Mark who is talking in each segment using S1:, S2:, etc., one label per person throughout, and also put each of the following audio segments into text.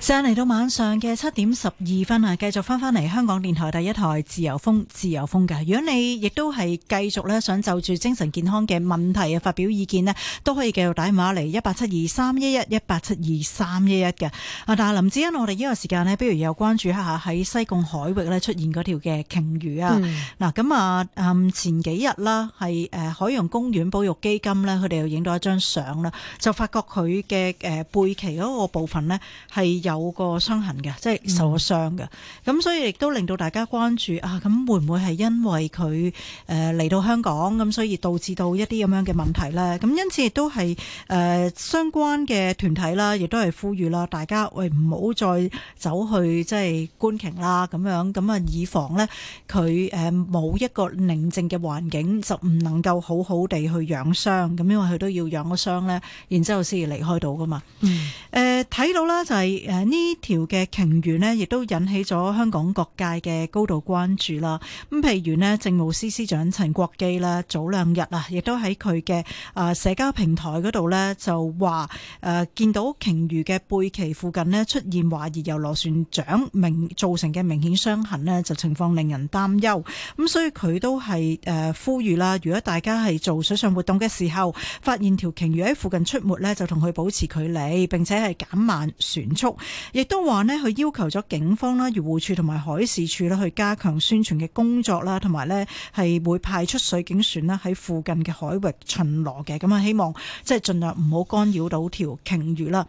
S1: 正嚟到晚上嘅七點十二分啊！繼續翻翻嚟香港電台第一台自由風，自由風嘅。如果你亦都係繼續咧想就住精神健康嘅問題啊發表意見呢，都可以繼續打電話嚟一八七二三一一一八七二三一一嘅。啊，但係林子欣，我哋呢個時間呢，不如又關注一下喺西貢海域咧出現嗰條嘅鯨魚啊。嗱、嗯，咁啊，前幾日啦，係海洋公園保育基金呢，佢哋又影到一張相啦，就發覺佢嘅、呃、背鰭嗰個部分呢。係有，有個傷痕嘅，即係受咗傷嘅，咁、嗯、所以亦都令到大家關注啊！咁會唔會係因為佢誒嚟到香港咁，所以導致到一啲咁樣嘅問題咧？咁因此亦都係誒相關嘅團體啦，亦都係呼籲啦，大家喂唔好再走去即係觀鯨啦咁樣，咁啊以防咧佢誒冇一個寧靜嘅環境，就唔能夠好好地去養傷咁，因為佢都要養個傷咧，然之後先至離開到噶嘛。誒睇、嗯呃、到啦、就係，就係誒。呢條嘅鯨魚呢，亦都引起咗香港各界嘅高度關注啦。咁譬如呢，政務司司長陳國基咧，早兩日啊，亦都喺佢嘅啊社交平台嗰度呢，就話誒見到鯨魚嘅背鰭附近呢，出現懷疑由螺旋槳明造成嘅明顯傷痕呢，就情況令人擔憂。咁所以佢都係誒呼籲啦，如果大家係做水上活動嘅時候，發現條鯨魚喺附近出沒呢，就同佢保持距離，並且係減慢船速。亦都話呢，佢要求咗警方啦、漁護署同埋海事處呢，去加強宣傳嘅工作啦，同埋呢係會派出水警船啦，喺附近嘅海域巡邏嘅，咁啊希望即係盡量唔好干擾到條鯨魚啦。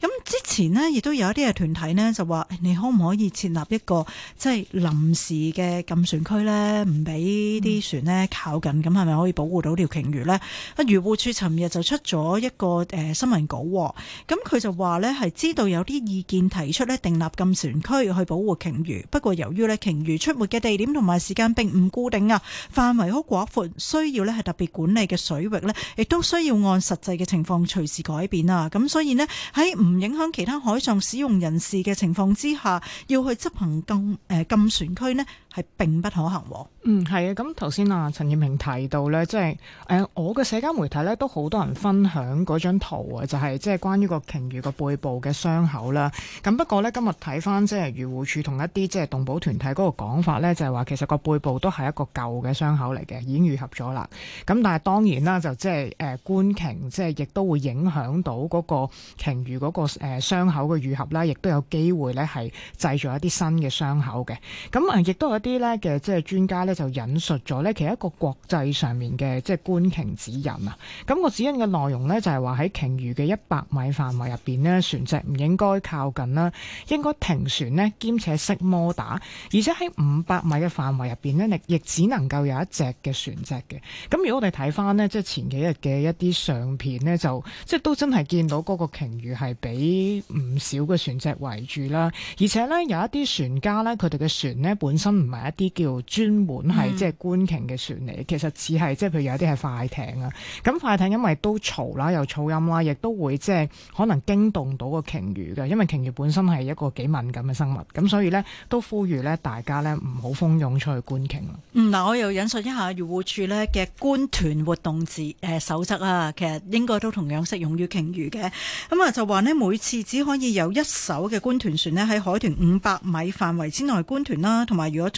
S1: 咁前呢亦都有一啲嘅團體呢，就話你可唔可以設立一個即係臨時嘅禁船區呢，唔俾啲船呢靠近，咁係咪可以保護到條鯨魚咧？啊，漁護處漁護署尋日就出咗一個誒新聞稿，咁佢就話呢係知道有啲意見提出呢訂立禁船區去保護鯨魚，不過由於呢鯨魚出沒嘅地點同埋時間並唔固定啊，範圍好廣闊，需要呢係特別管理嘅水域呢，亦都需要按實際嘅情況隨時改變啊。咁所以呢喺唔影響鯨其他海上使用人士嘅情況之下，要去執行禁誒、呃、禁船區呢，係並不可行。嗯，
S2: 係啊。咁頭先啊，陳燕萍提到咧，即、就、係、是呃、我嘅社交媒體咧都好多人分享嗰張圖啊，就係即係關於個鯨魚個背部嘅傷口啦。咁不過咧，今日睇返即係漁護署同一啲即係動保團體嗰個講法咧，就係、是、話其實個背部都係一個舊嘅傷口嚟嘅，已經愈合咗啦。咁但係當然啦，就即係誒觀鯨、就是，即係亦都會影響到嗰個鯨魚嗰、那個、呃、傷口嘅愈合啦，亦都有機會咧係製造一啲新嘅傷口嘅。咁啊，亦、呃、都有啲咧嘅即係專家咧就引述咗咧，其實一個國際上面嘅即係觀鯨指引啊。咁個指引嘅內容咧就係話喺鯨魚嘅一百米範圍入邊咧，船隻唔應該靠近啦，應該停船咧，兼且熄摩打，而且喺五百米嘅範圍入邊咧，亦亦只能夠有一隻嘅船隻嘅。咁如果我哋睇翻咧，即係前幾日嘅一啲相片咧，就即係都真係見到嗰個鯨魚係俾唔少嘅船隻圍住啦，而且咧有一啲船家咧，佢哋嘅船咧本身唔。一啲叫專門係即係觀鯨嘅船嚟。嗯、其實只係即係譬如有啲係快艇啊。咁快艇因為都嘈啦，又噪音啦，亦都會即係可能驚動到個鯨魚嘅，因為鯨魚本身係一個幾敏感嘅生物。咁所以咧都呼籲咧大家咧唔好蜂擁出去觀鯨。
S1: 嗯，嗱我又引述一下漁護署咧嘅觀團活動字誒守則啊，其實應該都同樣適用於鯨魚嘅。咁、嗯、啊就話咧每次只可以有一艘嘅觀團船咧喺海豚五百米範圍之內觀團啦，同埋如果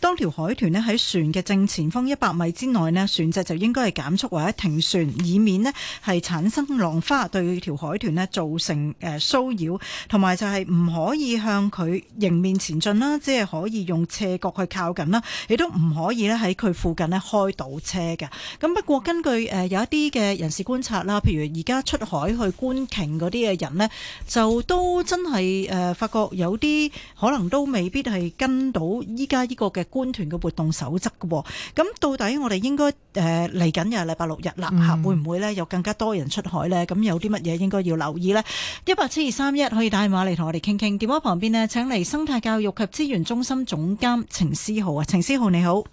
S1: 當條海豚咧喺船嘅正前方一百米之內咧，船隻就應該係減速或者停船，以免咧係產生浪花對條海豚咧造成誒騷擾，同埋就係唔可以向佢迎面前進啦，只係可以用斜角去靠近啦，亦都唔可以咧喺佢附近咧開倒車嘅。咁不過根據誒有一啲嘅人士觀察啦，譬如而家出海去觀鯨嗰啲嘅人呢，就都真係誒發覺有啲可能都未必係跟到依家。呢個嘅官團嘅活動守則嘅，咁到底我哋應該誒嚟緊又係禮拜六日啦，吓、嗯、會唔會咧有更加多人出海咧？咁有啲乜嘢應該要留意呢？一八七二三一可以打電話嚟同我哋傾傾。電話旁邊呢，請嚟生態教育及資源中心總監程詩灝啊，程詩灝你好，
S3: 誒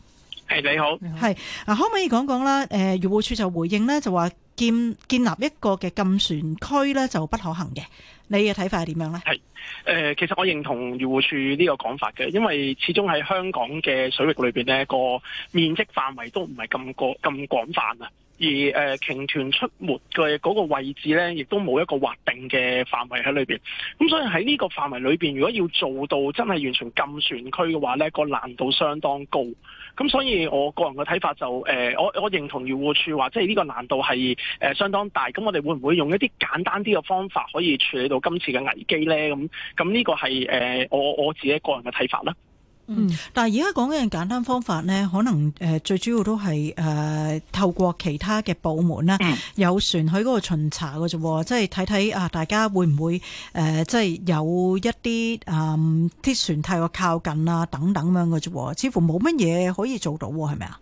S3: 你好，係
S1: 啊，可唔可以講講啦？誒漁護署就回應呢，就話。建建立一個嘅禁船區咧就不可行嘅，你嘅睇法係點樣咧？
S3: 係誒、呃，其實我認同漁護署呢個講法嘅，因為始終喺香港嘅水域裏邊咧，個面積範圍都唔係咁廣咁廣泛啊。而誒鯨豚出沒嘅嗰個位置咧，亦都冇一個劃定嘅範圍喺裏邊。咁所以喺呢個範圍裏邊，如果要做到真係完全禁船區嘅話咧，個難度相當高。咁所以，我個人嘅睇法就誒、呃，我我認同漁護署話，即係呢個難度係誒、呃、相當大。咁我哋會唔會用一啲簡單啲嘅方法可以處理到今次嘅危機咧？咁咁呢個係誒、呃、我我自己個人嘅睇法啦。
S1: 嗯，但係而家講緊簡單方法咧，可能誒、呃、最主要都係誒、呃、透過其他嘅部門啦，嗯、有船去嗰度巡查嘅啫，即係睇睇啊大家會唔會誒、呃、即係有一啲啊啲船太過靠近啦等等咁樣嘅啫，似乎冇乜嘢可以做到，係咪啊？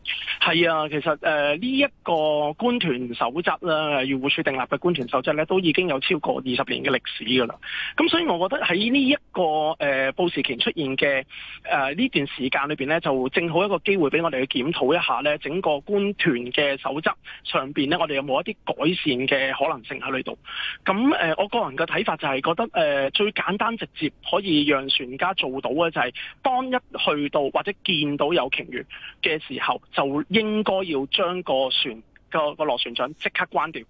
S3: 係啊，其實誒呢一個官團守則啦，漁護署訂立嘅官團守則咧，都已經有超過二十年嘅歷史㗎啦。咁所以，我覺得喺呢一個誒報、呃、時期出現嘅誒呢段時間裏面，咧，就正好一個機會俾我哋去檢討一下咧，整個官團嘅守則上面，咧，我哋有冇一啲改善嘅可能性喺裏度？咁、呃、我個人嘅睇法就係覺得誒、呃、最簡單直接可以讓船家做到嘅就係、是，當一去到或者見到有鯨魚嘅時候就。應該要將個船個個螺旋槳即刻關掉，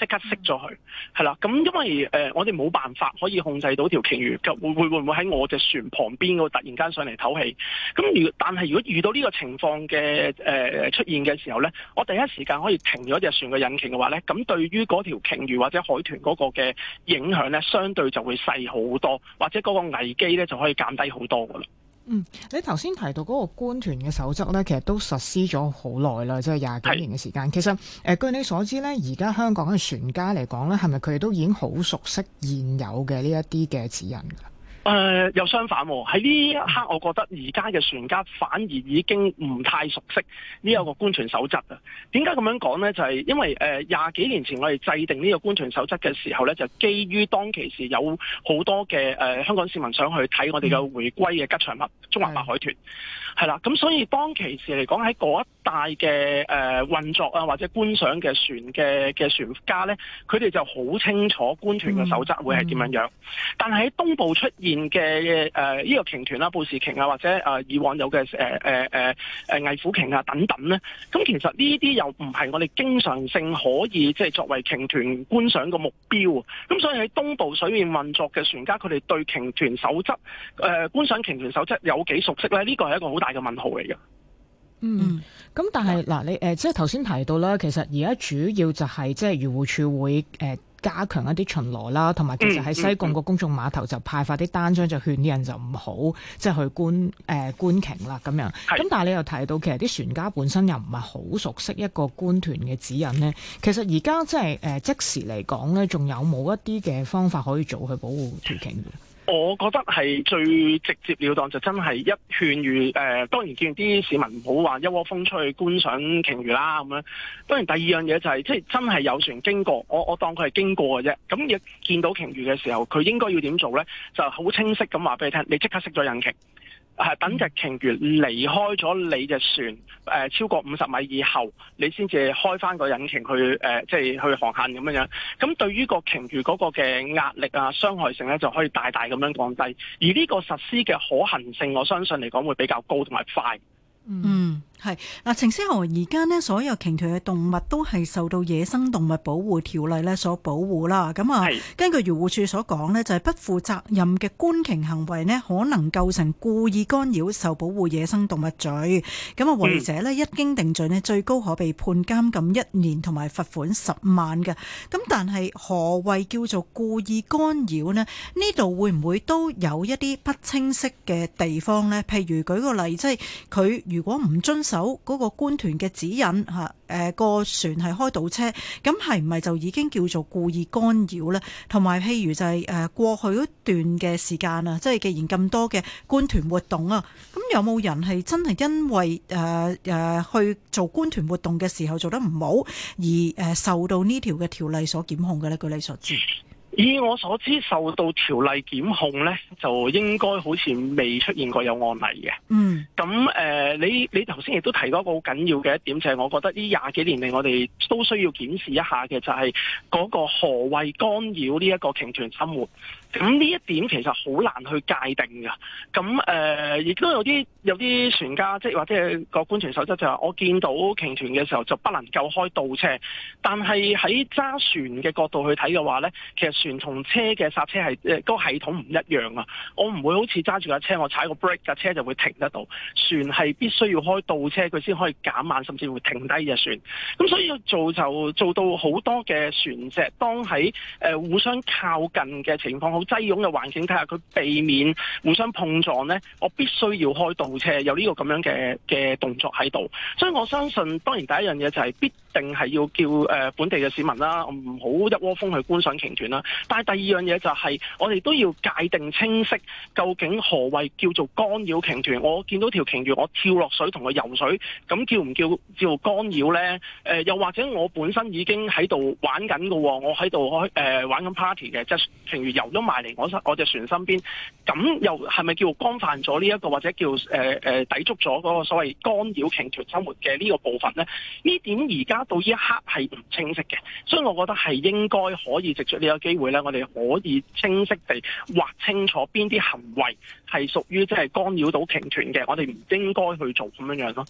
S3: 即刻熄咗佢，係啦。咁、嗯、因為誒、呃，我哋冇辦法可以控制到條鯨魚，會會會唔會喺我隻船旁邊嗰突然間上嚟唞氣？咁、嗯、如但係如果遇到呢個情況嘅誒出現嘅時候呢我第一時間可以停咗隻船嘅引擎嘅話呢咁、嗯、對於嗰條鯨魚或者海豚嗰個嘅影響呢，相對就會細好多，或者嗰個危機呢就可以減低好多噶啦。
S2: 嗯，你頭先提到嗰個官團嘅守則呢，其實都實施咗好耐啦，即係廿幾年嘅時間。其實，誒、呃、據你所知呢，而家香港嘅船家嚟講呢，係咪佢哋都已經好熟悉現有嘅呢一啲嘅指引？
S3: 誒、呃、又相反喎、啊，喺呢一刻，我覺得而家嘅船家反而已經唔太熟悉呢一個觀船守則啊！點解咁樣講咧？就係、是、因為誒廿幾年前我哋制定呢個觀船守則嘅時候咧，就基於當其時有好多嘅誒、呃、香港市民想去睇我哋嘅回歸嘅吉祥物——嗯、中華白海豚，係啦的。咁所以當其時嚟講，喺嗰一帶嘅誒運作啊，或者觀賞嘅船嘅嘅船家咧，佢哋就好清楚觀船嘅守則會係點樣樣，嗯嗯、但係喺東部出現。嘅誒呢個鯨豚啦、布氏鯨啊，或者誒以往有嘅誒誒誒誒偽虎鯨啊等等咧，咁其實呢啲又唔係我哋經常性可以即係作為鯨豚觀賞嘅目標，咁所以喺東部水面運作嘅船家，佢哋對鯨豚守則誒觀賞鯨豚守則有幾熟悉咧？呢個係一個好大嘅問號嚟嘅。嗯，
S2: 咁但係嗱你誒、呃，即係頭先提到啦，其實而家主要就係、呃呃呃呃嗯嗯嗯呃、即係漁護署會誒，呃加強一啲巡邏啦，同埋其實喺西貢個公眾碼頭就派發啲單張，嗯嗯、就勸啲人就唔好即係去觀誒觀鯨啦咁樣。咁、嗯、但係你又提到，其實啲船家本身又唔係好熟悉一個觀團嘅指引呢。其實而家即係即時嚟講呢仲有冇一啲嘅方法可以做去保護鯨魚？嗯
S3: 我覺得係最直接了當，就真係一勸喻誒、呃。當然見啲市民唔好話一窩蜂出去觀賞鯨魚啦咁樣。當然第二樣嘢就係、是、即係真係有船經過，我我當佢係經過嘅啫。咁亦見到鯨魚嘅時候，佢應該要點做呢？就好清晰咁話俾你聽，你即刻熄咗引擎。係等隻鯨魚離開咗你隻船，誒、呃、超過五十米以後，你先至開翻個引擎去誒、呃，即係去航行咁樣。咁對於個鯨魚嗰個嘅壓力啊、傷害性咧，就可以大大咁樣降低。而呢個實施嘅可行性，我相信嚟講會比較高同埋快。嗯。
S1: 係嗱，程詩灝，而家呢所有鯨豚嘅動物都係受到野生動物保護條例呢所保護啦。咁啊是，根據漁護署所講呢就係、是、不負責任嘅觀鯨行為呢可能構成故意干擾受保護野生動物罪。咁啊、嗯，違者呢一經定罪呢最高可被判監禁一年同埋罰款十萬嘅。咁但係何謂叫做故意干擾呢？呢度會唔會都有一啲不清晰嘅地方呢？譬如舉個例子，即係佢如果唔遵守。走嗰個官團嘅指引吓，誒、啊、個、啊、船係開倒車，咁係唔係就已經叫做故意干擾呢？同埋譬如就係、是、誒、啊、過去嗰段嘅時間啊，即係既然咁多嘅官團活動啊，咁有冇人係真係因為誒誒去做官團活動嘅時候做得唔好而誒、啊、受到呢條嘅條例所檢控嘅呢？據你所知？
S3: 以我所知，受到條例檢控咧，就應該好似未出現過有案例嘅。嗯，咁誒、呃，你你頭先亦都提到一個好緊要嘅一點，就係、是、我覺得呢廿幾年嚟，我哋都需要檢視一下嘅，就係嗰個何謂干擾呢一個鯨豚生活。咁呢一點其實好難去界定㗎，咁誒亦都有啲有啲船家即係或者個觀船守則，就話我見到鯨豚嘅時候，就不能夠開倒車，但係喺揸船嘅角度去睇嘅話咧，其實船同車嘅剎車係誒、呃，嗰個系統唔一樣啊！我唔會好似揸住架車我踩個 brake 架車就會停得到。船係必須要開倒車佢先可以減慢，甚至會停低隻船。咁所以做就做到好多嘅船隻當喺誒、呃、互相靠近嘅情況。擠擁嘅環境底下，佢避免互相碰撞咧，我必須要開倒車，有呢個咁樣嘅嘅動作喺度，所以我相信，當然第一樣嘢就係必。定係要叫誒本地嘅市民啦，唔好一窩蜂去觀賞鯨豚啦。但係第二樣嘢就係、是、我哋都要界定清晰，究竟何謂叫做干擾鯨豚，我見到條鯨魚我跳落水同佢游水，咁叫唔叫叫干擾咧？誒、呃、又或者我本身已經喺度玩緊嘅，我喺度誒玩緊 party 嘅，即係鯨魚游咗埋嚟我我隻船身邊，咁又係咪叫干犯咗呢一個或者叫誒誒、呃、抵觸咗個所謂干擾鯨豚生活嘅呢個部分咧？呢點而家？到呢一刻係唔清晰嘅，所以我覺得係應該可以藉住呢個機會呢，我哋可以清晰地劃清楚邊啲行為係屬於即係干擾到鯨豚嘅，我哋唔應該去做咁樣樣咯。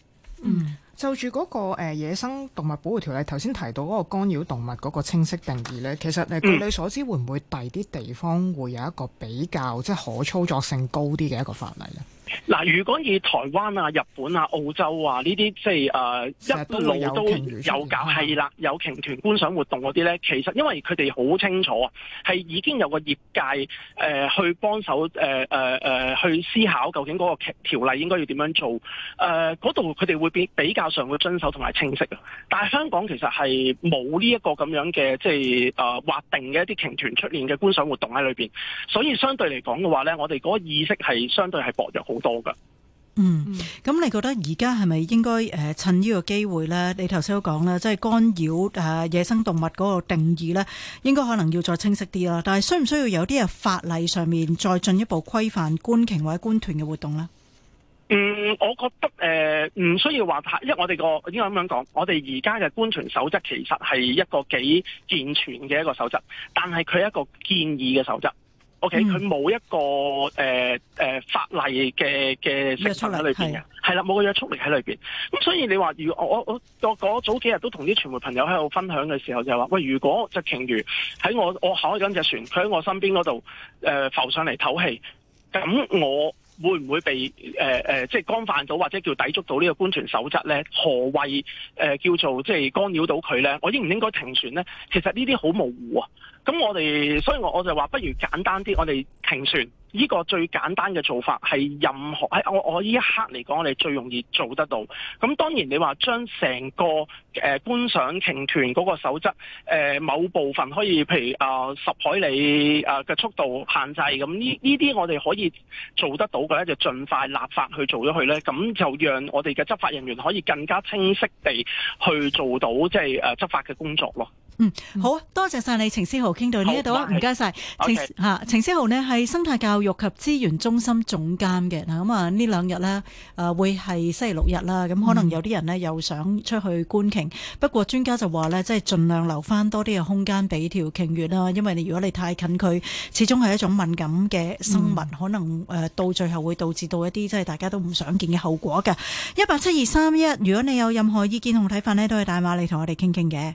S3: 嗯。
S2: 就住嗰個野生動物保護條例，頭先提到嗰個干擾動物嗰個清晰定義咧，其實誒據你所知，會唔會第啲地方會有一個比較即係可操作性高啲嘅一個法例咧？
S3: 嗱，如果以台灣啊、日本啊、澳洲啊呢啲即係誒、呃、一路都有搞，係啦，有鯨團觀賞活動嗰啲咧，其實因為佢哋好清楚啊，係已經有個業界誒、呃、去幫手誒誒誒去思考究竟嗰個條例應該要點樣做。誒嗰度佢哋會比比較上會遵守同埋清晰嘅，但係香港其實係冇呢一個咁樣嘅，即係誒、呃、劃定嘅一啲鯨豚出現嘅觀賞活動喺裏邊，所以相對嚟講嘅話呢，我哋嗰意識係相對係薄弱好多嘅。嗯，
S1: 咁你覺得而家係咪應該誒、呃、趁呢個機會呢？你頭先都講啦，即、就、係、是、干擾誒、呃、野生動物嗰個定義呢，應該可能要再清晰啲啦。但係需唔需要有啲嘢法例上面再進一步規範觀鯨或者觀豚嘅活動呢？嗯，
S3: 我覺得誒唔、呃、需要話太，因為我哋個應該咁樣講，我哋而家嘅官船守則其實係一個幾健全嘅一個守則，但係佢係一個建議嘅守則。O K，佢冇一個誒誒、呃呃、法例嘅嘅成分喺裏面嘅，係啦冇個約束力喺裏面。咁所以你話，如果我我我我，我，我早幾日都同啲傳媒朋友喺度分享嘅時候就，就係話喂，如果就鯨魚喺我我考緊隻船，佢喺我身邊嗰度誒浮上嚟唞氣，咁我。會唔會被誒誒、呃呃、即係干犯到或者叫抵觸到呢個觀豚守則咧？何謂誒、呃、叫做即係干擾到佢咧？我應唔應該停船咧？其實呢啲好模糊啊！咁我哋所以我我就話不如簡單啲，我哋停船。呢個最簡單嘅做法係任何喺我我呢一刻嚟講，我哋最容易做得到。咁當然你話將成個誒、呃、觀賞鯨豚嗰個守則誒、呃、某部分可以，譬如啊、呃、十海里啊嘅、呃、速度限制咁，呢呢啲我哋可以做得到嘅咧，就盡快立法去做咗佢。咧，咁就讓我哋嘅執法人員可以更加清晰地去做到即係誒執法嘅工作咯。
S1: 嗯，好多謝晒你，程詩灝傾到呢一度啊，唔該晒程吓、嗯、程，程詩灝呢係生態教育及資源中心總監嘅嗱。咁啊，呢兩日呢誒，會係星期六日啦。咁可能有啲人呢又想出去觀鯨，嗯、不過專家就話呢，即係盡量留翻多啲嘅空間俾條鯨魚啦。因為你如果你太近佢，始終係一種敏感嘅生物，嗯、可能誒、呃、到最後會導致到一啲即係大家都唔想見嘅後果嘅一八七二三一。31，如果你有任何意見同睇法呢，都係打碼你同我哋傾傾嘅。